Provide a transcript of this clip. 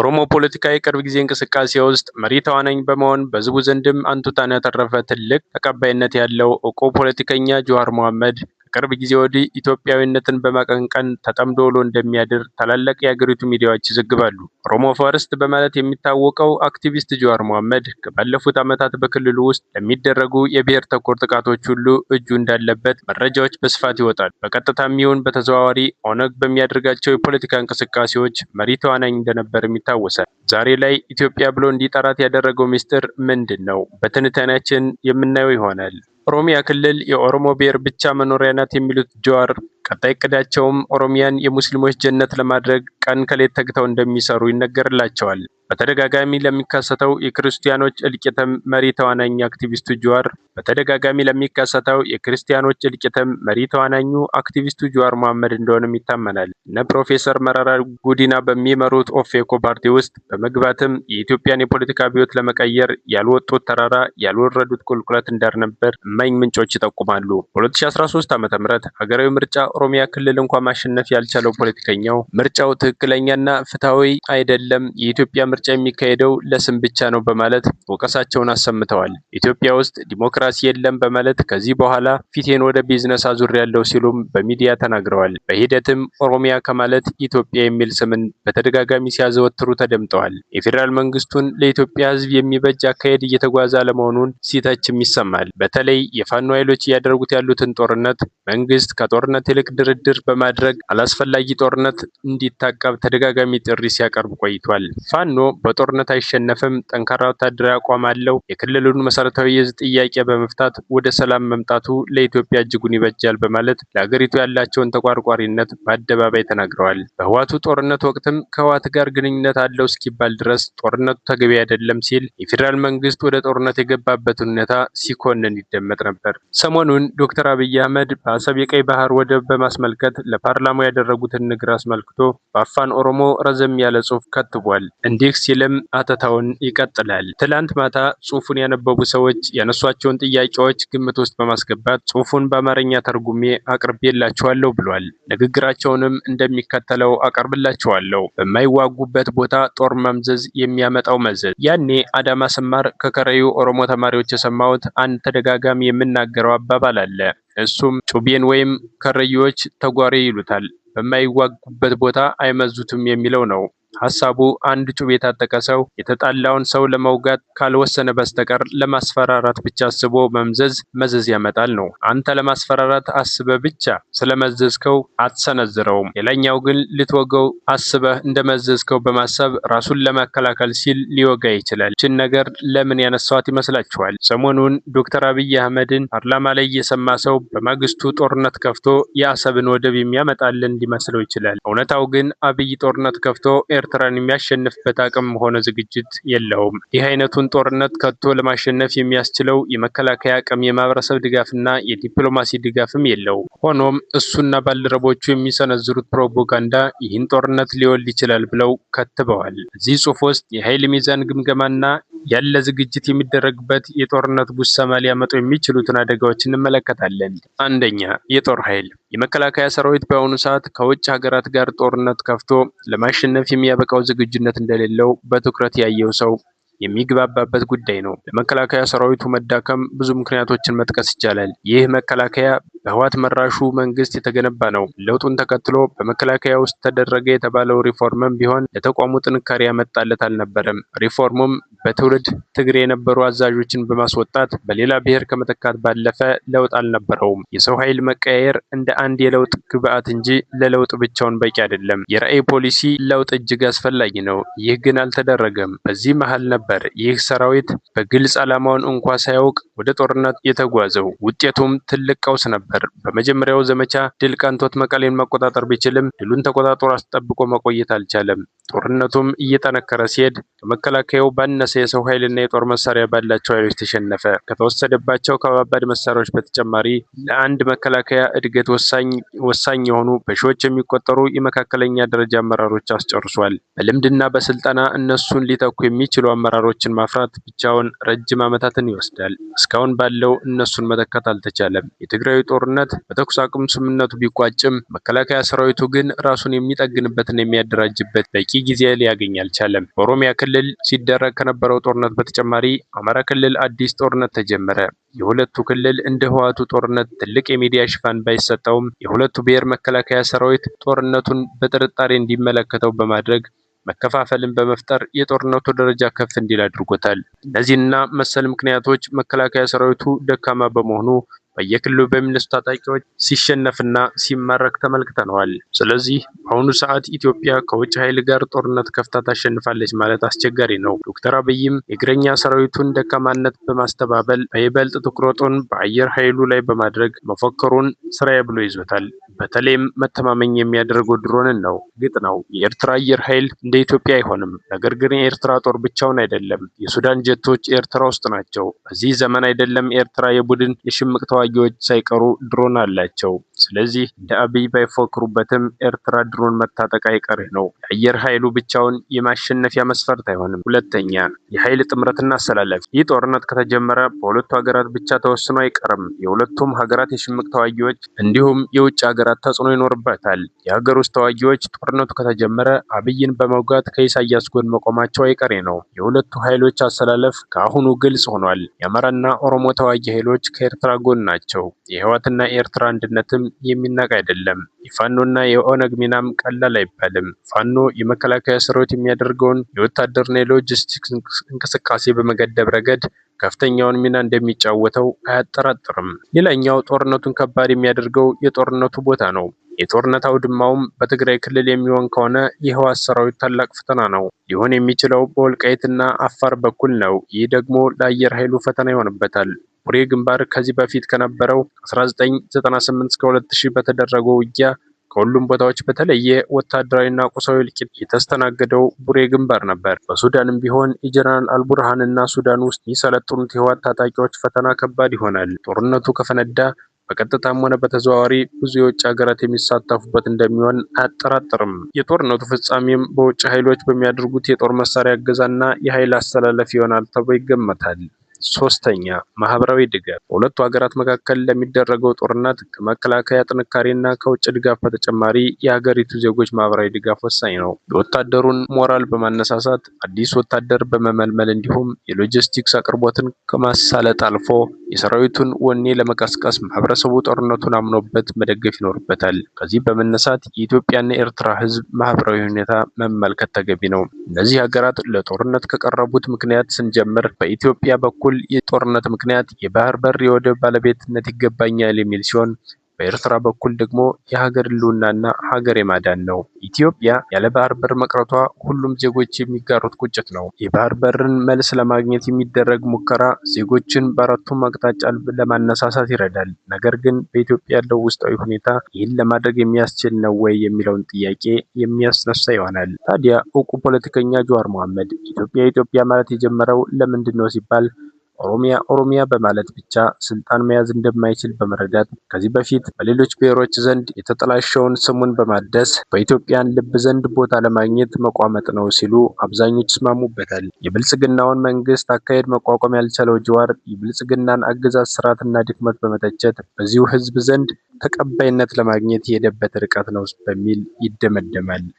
በኦሮሞ ፖለቲካ የቅርብ ጊዜ እንቅስቃሴ ውስጥ መሪ ተዋናኝ በመሆን በህዝቡ ዘንድም አንቱታን ያተረፈ ትልቅ ተቀባይነት ያለው እውቁ ፖለቲከኛ ጁዋር መሐመድ ከቅርብ ጊዜ ወዲህ ኢትዮጵያዊነትን በማቀንቀን ተጠምዶ ውሎ እንደሚያድር ታላላቅ የሀገሪቱ ሚዲያዎች ይዘግባሉ። ኦሮሞ ፈርስት በማለት የሚታወቀው አክቲቪስት ጀዋር መሐመድ ባለፉት ዓመታት በክልሉ ውስጥ ለሚደረጉ የብሔር ተኮር ጥቃቶች ሁሉ እጁ እንዳለበት መረጃዎች በስፋት ይወጣሉ። በቀጥታም ይሁን በተዘዋዋሪ ኦነግ በሚያደርጋቸው የፖለቲካ እንቅስቃሴዎች መሪ ተዋናኝ እንደነበርም ይታወሳል። ዛሬ ላይ ኢትዮጵያ ብሎ እንዲጠራት ያደረገው ምስጢር ምንድን ነው? በትንታኔያችን የምናየው ይሆናል። ኦሮሚያ ክልል የኦሮሞ ብሔር ብቻ መኖሪያ ናት የሚሉት ጀዋር ቀጣይ እቅዳቸውም ኦሮሚያን የሙስሊሞች ጀነት ለማድረግ ቀን ከሌት ተግተው እንደሚሰሩ ይነገርላቸዋል። በተደጋጋሚ ለሚከሰተው የክርስቲያኖች እልቂትም መሪ ተዋናኝ አክቲቪስቱ ጅዋር በተደጋጋሚ ለሚከሰተው የክርስቲያኖች እልቂትም መሪ ተዋናኙ አክቲቪስቱ ጅዋር መሐመድ እንደሆነም ይታመናል። እነ ፕሮፌሰር መራራ ጉዲና በሚመሩት ኦፌኮ ፓርቲ ውስጥ በመግባትም የኢትዮጵያን የፖለቲካ አብዮት ለመቀየር ያልወጡት ተራራ ያልወረዱት ቁልቁለት እንዳልነበር እማኝ ምንጮች ይጠቁማሉ። በ2013 ዓ ም ሀገራዊ ምርጫ በኦሮሚያ ክልል እንኳ ማሸነፍ ያልቻለው ፖለቲከኛው ምርጫው ትክክለኛና ፍትሐዊ አይደለም፣ የኢትዮጵያ ምርጫ የሚካሄደው ለስም ብቻ ነው በማለት ወቀሳቸውን አሰምተዋል። ኢትዮጵያ ውስጥ ዲሞክራሲ የለም በማለት ከዚህ በኋላ ፊቴን ወደ ቢዝነስ አዙር ያለው ሲሉም በሚዲያ ተናግረዋል። በሂደትም ኦሮሚያ ከማለት ኢትዮጵያ የሚል ስምን በተደጋጋሚ ሲያዘወትሩ ተደምጠዋል። የፌዴራል መንግስቱን ለኢትዮጵያ ሕዝብ የሚበጅ አካሄድ እየተጓዘ አለመሆኑን ሲተችም ይሰማል። በተለይ የፋኖ ኃይሎች እያደረጉት ያሉትን ጦርነት መንግስት ከጦርነት ትልቅ ድርድር በማድረግ አላስፈላጊ ጦርነት እንዲታቀብ ተደጋጋሚ ጥሪ ሲያቀርብ ቆይቷል። ፋኖ በጦርነት አይሸነፍም፣ ጠንካራ ወታደራዊ አቋም አለው፣ የክልሉን መሰረታዊ የህዝብ ጥያቄ በመፍታት ወደ ሰላም መምጣቱ ለኢትዮጵያ እጅጉን ይበጃል በማለት ለሀገሪቱ ያላቸውን ተቋርቋሪነት በአደባባይ ተናግረዋል። በህዋቱ ጦርነት ወቅትም ከህዋት ጋር ግንኙነት አለው እስኪባል ድረስ ጦርነቱ ተገቢ አይደለም ሲል የፌዴራል መንግስት ወደ ጦርነት የገባበትን ሁኔታ ሲኮንን ይደመጥ ነበር። ሰሞኑን ዶክተር አብይ አህመድ በአሰብ የቀይ ባህር ወደብ በማስመልከት ለፓርላማው ያደረጉትን ንግግር አስመልክቶ በአፋን ኦሮሞ ረዘም ያለ ጽሁፍ ከትቧል። እንዲህ ሲልም አተታውን ይቀጥላል። ትላንት ማታ ጽሁፉን ያነበቡ ሰዎች ያነሷቸውን ጥያቄዎች ግምት ውስጥ በማስገባት ጽሁፉን በአማርኛ ተርጉሜ አቅርቤላቸዋለሁ ብሏል። ንግግራቸውንም እንደሚከተለው አቀርብላቸዋለሁ። በማይዋጉበት ቦታ ጦር መምዘዝ የሚያመጣው መዘዝ። ያኔ አዳማ ስማር ከከረዩ ኦሮሞ ተማሪዎች የሰማሁት አንድ ተደጋጋሚ የምናገረው አባባል አለ። እሱም ጩቤን ወይም ከረዬዎች ተጓሪ ይሉታል። በማይዋጉበት ቦታ አይመዙትም የሚለው ነው። ሀሳቡ አንድ ጩቤ የታጠቀ ሰው የተጣላውን ሰው ለመውጋት ካልወሰነ በስተቀር ለማስፈራራት ብቻ አስቦ መምዘዝ መዘዝ ያመጣል ነው። አንተ ለማስፈራራት አስበ ብቻ ስለመዘዝከው አትሰነዝረውም። ሌላኛው ግን ልትወገው አስበህ እንደመዘዝከው በማሰብ ራሱን ለመከላከል ሲል ሊወጋ ይችላል። ይችን ነገር ለምን ያነሳዋት ይመስላችኋል? ሰሞኑን ዶክተር አብይ አህመድን ፓርላማ ላይ የሰማ ሰው በማግስቱ ጦርነት ከፍቶ የአሰብን ወደብ የሚያመጣልን ሊመስለው ይችላል። እውነታው ግን አብይ ጦርነት ከፍቶ ኤርትራ ኤርትራን የሚያሸንፍበት አቅም ሆነ ዝግጅት የለውም። ይህ አይነቱን ጦርነት ከቶ ለማሸነፍ የሚያስችለው የመከላከያ አቅም፣ የማህበረሰብ ድጋፍና የዲፕሎማሲ ድጋፍም የለው ሆኖም እሱና ባልደረቦቹ የሚሰነዝሩት ፕሮፓጋንዳ ይህን ጦርነት ሊወልድ ይችላል ብለው ከትበዋል። እዚህ ጽሁፍ ውስጥ የኃይል ሚዛን ግምገማና ያለ ዝግጅት የሚደረግበት የጦርነት ጉሰማ ሊያመጡ የሚችሉትን አደጋዎች እንመለከታለን። አንደኛ፣ የጦር ኃይል የመከላከያ ሰራዊት በአሁኑ ሰዓት ከውጭ ሀገራት ጋር ጦርነት ከፍቶ ለማሸነፍ የሚ የሚያበቃው ዝግጁነት እንደሌለው በትኩረት ያየው ሰው የሚግባባበት ጉዳይ ነው። ለመከላከያ ሰራዊቱ መዳከም ብዙ ምክንያቶችን መጥቀስ ይቻላል። ይህ መከላከያ በህወሓት መራሹ መንግስት የተገነባ ነው። ለውጡን ተከትሎ በመከላከያ ውስጥ ተደረገ የተባለው ሪፎርምም ቢሆን ለተቋሙ ጥንካሬ ያመጣለት አልነበረም። ሪፎርሙም በትውልድ ትግሬ የነበሩ አዛዦችን በማስወጣት በሌላ ብሔር ከመተካት ባለፈ ለውጥ አልነበረውም። የሰው ኃይል መቀያየር እንደ አንድ የለውጥ ግብአት እንጂ ለለውጥ ብቻውን በቂ አይደለም። የራዕይ ፖሊሲ ለውጥ እጅግ አስፈላጊ ነው። ይህ ግን አልተደረገም። በዚህ መሀል ነበር ይህ ሰራዊት በግልጽ ዓላማውን እንኳ ሳያውቅ ወደ ጦርነት የተጓዘው። ውጤቱም ትልቅ ቀውስ ነበር። ነበር። በመጀመሪያው ዘመቻ ድል ቀንቶት መቀሌን መቆጣጠር ቢችልም ድሉን ተቆጣጥሮ አስጠብቆ መቆየት አልቻለም። ጦርነቱም እየጠነከረ ሲሄድ ከመከላከያው ባነሰ የሰው ኃይልና የጦር መሳሪያ ባላቸው ኃይሎች ተሸነፈ። ከተወሰደባቸው ከባባድ መሳሪያዎች በተጨማሪ ለአንድ መከላከያ እድገት ወሳኝ የሆኑ በሺዎች የሚቆጠሩ የመካከለኛ ደረጃ አመራሮች አስጨርሷል። በልምድና በስልጠና እነሱን ሊተኩ የሚችሉ አመራሮችን ማፍራት ብቻውን ረጅም ዓመታትን ይወስዳል። እስካሁን ባለው እነሱን መተካት አልተቻለም። የትግራዩ ጦር ጦርነት በተኩስ አቁም ስምምነቱ ቢቋጭም መከላከያ ሰራዊቱ ግን ራሱን የሚጠግንበትና የሚያደራጅበት በቂ ጊዜ ሊያገኝ አልቻለም። በኦሮሚያ ክልል ሲደረግ ከነበረው ጦርነት በተጨማሪ አማራ ክልል አዲስ ጦርነት ተጀመረ። የሁለቱ ክልል እንደ ህዋቱ ጦርነት ትልቅ የሚዲያ ሽፋን ባይሰጠውም የሁለቱ ብሔር መከላከያ ሰራዊት ጦርነቱን በጥርጣሬ እንዲመለከተው በማድረግ መከፋፈልን በመፍጠር የጦርነቱ ደረጃ ከፍ እንዲል አድርጎታል። እነዚህና መሰል ምክንያቶች መከላከያ ሰራዊቱ ደካማ በመሆኑ በየክልሉ በሚነሱ ታጣቂዎች ሲሸነፍና ሲማረክ ተመልክተነዋል። ስለዚህ በአሁኑ ሰዓት ኢትዮጵያ ከውጭ ኃይል ጋር ጦርነት ከፍታ ታሸንፋለች ማለት አስቸጋሪ ነው። ዶክተር አብይም የእግረኛ ሰራዊቱን ደካማነት በማስተባበል በይበልጥ ትኩረቱን በአየር ኃይሉ ላይ በማድረግ መፎከሩን ስራዬ ብሎ ይዞታል። በተለይም መተማመኝ የሚያደርገው ድሮንን ነው። ግጥ ነው የኤርትራ አየር ኃይል እንደ ኢትዮጵያ አይሆንም። ነገር ግን የኤርትራ ጦር ብቻውን አይደለም። የሱዳን ጀቶች ኤርትራ ውስጥ ናቸው። በዚህ ዘመን አይደለም ኤርትራ የቡድን የሽምቅ ተዋ ተዋጊዎች ሳይቀሩ ድሮን አላቸው። ስለዚህ እንደ አብይ ባይፎክሩበትም ኤርትራ ድሮን መታጠቅ አይቀሬ ነው። የአየር ኃይሉ ብቻውን የማሸነፊያ መስፈርት አይሆንም። ሁለተኛ የኃይል ጥምረትና አሰላለፍ። ይህ ጦርነት ከተጀመረ በሁለቱ ሀገራት ብቻ ተወስኖ አይቀርም። የሁለቱም ሀገራት የሽምቅ ተዋጊዎች እንዲሁም የውጭ ሀገራት ተጽዕኖ ይኖርበታል። የሀገር ውስጥ ተዋጊዎች ጦርነቱ ከተጀመረ አብይን በመውጋት ከኢሳያስ ጎን መቆማቸው አይቀሬ ነው። የሁለቱ ኃይሎች አሰላለፍ ከአሁኑ ግልጽ ሆኗል። የአማራና ኦሮሞ ተዋጊ ኃይሎች ከኤርትራ ጎን ናቸው። የህወሓትና የኤርትራ አንድነትም የሚናቅ አይደለም። የፋኖና የኦነግ ሚናም ቀላል አይባልም። ፋኖ የመከላከያ ሰራዊት የሚያደርገውን የወታደርና የሎጂስቲክስ እንቅስቃሴ በመገደብ ረገድ ከፍተኛውን ሚና እንደሚጫወተው አያጠራጥርም። ሌላኛው ጦርነቱን ከባድ የሚያደርገው የጦርነቱ ቦታ ነው። የጦርነት አውድማውም በትግራይ ክልል የሚሆን ከሆነ የህወሓት ሰራዊት ታላቅ ፈተና ነው። ሊሆን የሚችለው በወልቃይትና አፋር በኩል ነው። ይህ ደግሞ ለአየር ኃይሉ ፈተና ይሆንበታል። ቡሬ ግንባር ከዚህ በፊት ከነበረው 1998-2000 በተደረገው ውጊያ ከሁሉም ቦታዎች በተለየ ወታደራዊና ቁሳዊ እልቂት የተስተናገደው ቡሬ ግንባር ነበር። በሱዳንም ቢሆን የጀነራል አልቡርሃን እና ሱዳን ውስጥ የሚሰለጥኑት የህወሓት ታጣቂዎች ፈተና ከባድ ይሆናል። ጦርነቱ ከፈነዳ በቀጥታም ሆነ በተዘዋዋሪ ብዙ የውጭ ሀገራት የሚሳተፉበት እንደሚሆን አያጠራጥርም። የጦርነቱ ፍጻሜም በውጭ ኃይሎች በሚያደርጉት የጦር መሳሪያ እገዛና የኃይል አስተላለፍ ይሆናል ተብሎ ይገመታል። ሶስተኛ ማህበራዊ ድጋፍ በሁለቱ ሀገራት መካከል ለሚደረገው ጦርነት ከመከላከያ ጥንካሬና ከውጭ ድጋፍ በተጨማሪ የሀገሪቱ ዜጎች ማህበራዊ ድጋፍ ወሳኝ ነው። የወታደሩን ሞራል በማነሳሳት አዲስ ወታደር በመመልመል እንዲሁም የሎጂስቲክስ አቅርቦትን ከማሳለጥ አልፎ የሰራዊቱን ወኔ ለመቀስቀስ ማህበረሰቡ ጦርነቱን አምኖበት መደገፍ ይኖርበታል። ከዚህ በመነሳት የኢትዮጵያና የኤርትራ ህዝብ ማህበራዊ ሁኔታ መመልከት ተገቢ ነው። እነዚህ ሀገራት ለጦርነት ከቀረቡት ምክንያት ስንጀምር በኢትዮጵያ በኩል በኩል የጦርነት ምክንያት የባህር በር የወደብ ባለቤትነት ይገባኛል የሚል ሲሆን በኤርትራ በኩል ደግሞ የሀገር ህልውናና ሀገር የማዳን ነው። ኢትዮጵያ ያለ ባህር በር መቅረቷ ሁሉም ዜጎች የሚጋሩት ቁጭት ነው። የባህር በርን መልስ ለማግኘት የሚደረግ ሙከራ ዜጎችን በአራቱም አቅጣጫ ለማነሳሳት ይረዳል። ነገር ግን በኢትዮጵያ ያለው ውስጣዊ ሁኔታ ይህን ለማድረግ የሚያስችል ነው ወይ የሚለውን ጥያቄ የሚያስነሳ ይሆናል። ታዲያ እውቁ ፖለቲከኛ ጀዋር መሐመድ ኢትዮጵያ ኢትዮጵያ ማለት የጀመረው ለምንድን ነው ሲባል ኦሮሚያ ኦሮሚያ በማለት ብቻ ስልጣን መያዝ እንደማይችል በመረዳት ከዚህ በፊት በሌሎች ብሔሮች ዘንድ የተጠላሸውን ስሙን በማደስ በኢትዮጵያን ልብ ዘንድ ቦታ ለማግኘት መቋመጥ ነው ሲሉ አብዛኞቹ ይስማሙበታል። የብልጽግናውን መንግስት አካሄድ መቋቋም ያልቻለው ጅዋር የብልጽግናን አገዛዝ ስርዓትና ድክመት በመተቸት በዚሁ ህዝብ ዘንድ ተቀባይነት ለማግኘት የሄደበት ርቀት ነው በሚል ይደመደማል።